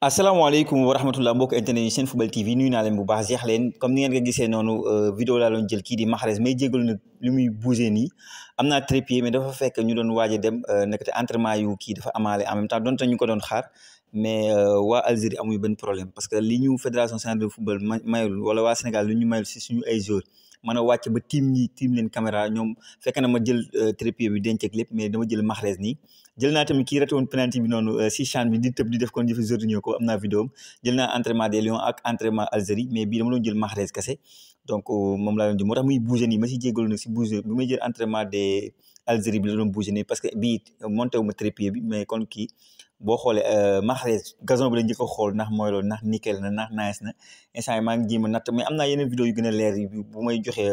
asalaamaaleykum wa rahmatullah mbokk internet yi seen football tv nuyu naa leen bu baax jeex leen comme ni ngeen ko gisee noonu euh, vidéo laa doon jël kii di Mahrez mais jégalu nag li muy bougé nii am naa trépied mais dafa fekk ñu doon waaj a dem euh, nekkte entraînement yu kii dafa amaale en même temps donte ñu ko doon xaar mais euh, waa Algérie amuñu benn problème parce que li ñu fédération sénégalaise de football mayul wala waa Sénégal li ñu mayul si suñu ay joueurs mën a wàcc ba tiim ñi tiim leen caméra ñoom fekk na ma jël euh, trépied bi denceeg lépp mais dama jël maxrees nii jël naa tamit kii raté woon penalty bi noonu euh, si chan bi di tëb di def kon jëfe Jorginho ko am jël naa entraînement des Lions ak entraînement Algérie mais bii dama doon jël maxrees kese donc euh, moom laa moo tax muy bougé nii ma si jégalu nag si bougé bi may jël entraînement des Algérie bi la doon bougé nii parce que bii monté wu ma bi mais kon kii boo xoolee Mahrez gazon bi la njëkk a xool ndax mooy loolu ndax nickel na ndax nice na instant yi maa ngi jéem a natt mais am naa yeneen vidéo yu gën a leer yi bu may joxe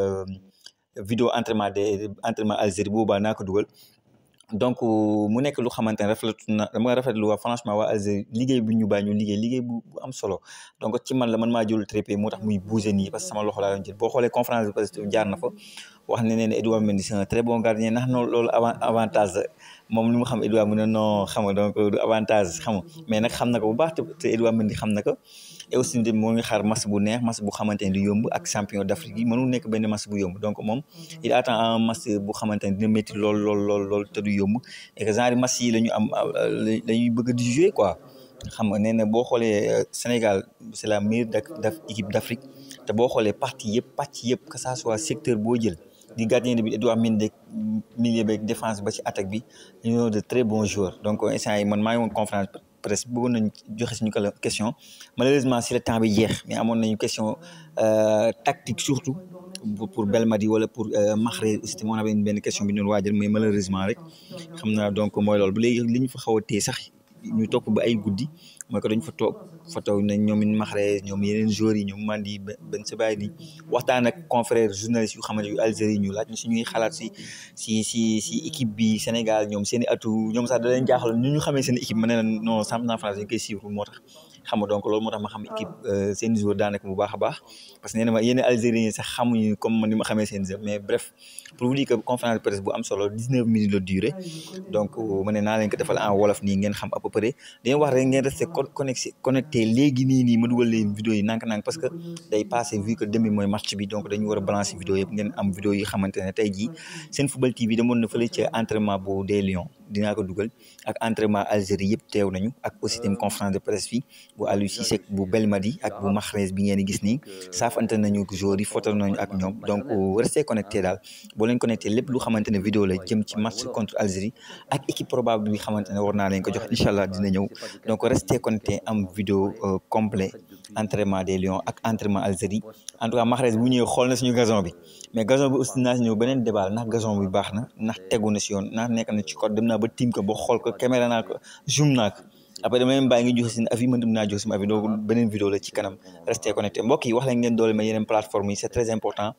vidéo entraînement de entraînement Algérie boobaa naa ko dugal donc mu nekk lu xamante ne rafetlu na dama rafetlu waa franchement waa Algérie liggéey bu ñu bañu ñu liggéey liggéey bu am solo donc ci man la man maa jël trépé moo tax muy bouger nii parce que sama loxo laa doon jël boo xoolee conférence bi parce que jaar na fa wax ne ne Edouard Mendy c'est un très bon gardien ndax noonu loolu avantage la moom li xam Edouard mu ne non xam nga donc du avantage xam nga mais nag xam na ko bu baax te Edouard Mendy xam na ko et xaar match bu neex match bu xamante ne du yomb ak champion d'Afrique yi mënul nekk benn match bu yomb donc moom il attend un match bu xamante ne dina métti lool lool lool lool te du yomb et que genre match yi la ñu am la ñuy bëgg di jouer quoi xam nga nee na boo xoolee euh, Sénégal c'est la meilleure équipe d'Afrique te boo xoolee partie yëpp pàcc yëpp que ça soit secteur boo jël du gardien de but Edouard Mendy beeg milieu défense ba ci attaque bi ñu de très bons joueurs donc euh, instant yi man maa ngi conférence presse bëggoon nañ joxe suñu kala question malheureusement si le temps bi jeex mais amoon nañu question euh, tactique surtout pour Belmadi wala pour euh, Mahrez aussi tamit on avait benn question bi ñu doon waajal mais malheureusement rek xam donc mooy loolu bu léegi li ñu fa xaw a téye sax ñu topp ba ay guddi mooy que dañ fa toog fa toog nañ ñoom in Mahrez ñoom yeneen joueurs yi ñoom Mendy Ben waxtaan ak confrères journalistes yu xamante yu Algérie ñoom seen i ñoom sax da leen jaaxal ñu ñu xamee seen équipe ma ne la non championnat France dañ koy suivre moo tax xam nga donc loolu moo tax ma xam équipe euh, seen joueur daanaka bu baax a baax parce que nee na ma yenn Algériens sax xamuñu comme man ni ma xamee seen jeu mais bref pour vous dire que conférence de presse bu am solo dix-neuf minutes la durée donc euh, ma ne naa leen ko defal nii ngeen xam à peu connecté légui ni ni ma dugal les vidéos yi nank-nank parce que day passer vu que demi moy match bi donc dañu wara a balancer vidéo yëpp ngeen am vidéo yi xamante ne tey jii football TV demone na fële ca entraînement bu des Lions dinaa ko dugal ak entraînement Algérie yëpp teew nañu ak aussi tamit conférence de presse bi bu Aliou Cissé bu Belmadi ak bu Mahrez bi ngeen gis nii saafante nañu joueurs yi fotal nañu ak ñoom donc restez connecté daal bo leen connecté lépp lu xamante vidéo la jëm ci match contre Algérie ak équipe probable bi xamante war naa leen ko jox inshallah dina ñëw donc restez connecté am vidéo euh, complet entraînement des Lions ak entraînement Algérie en tout cas Mahrez bu ñëwee xol na suñu gazon bi mais gazon bi aussi naa si ñëw beneen débat ndax gazon bi baax na ndax tegu na si yoon ndax nekk na ci code dem naa ba tim ko ba xol ko caméra na ko zoom naa ko après dama leen bàyyi ngi joxe sin avis man mën naa joxe sama avis do benen vidéo la ci kanam restez connecté mbok yi wax leen ngeen doole ma yeneen plateforme yi c'est très important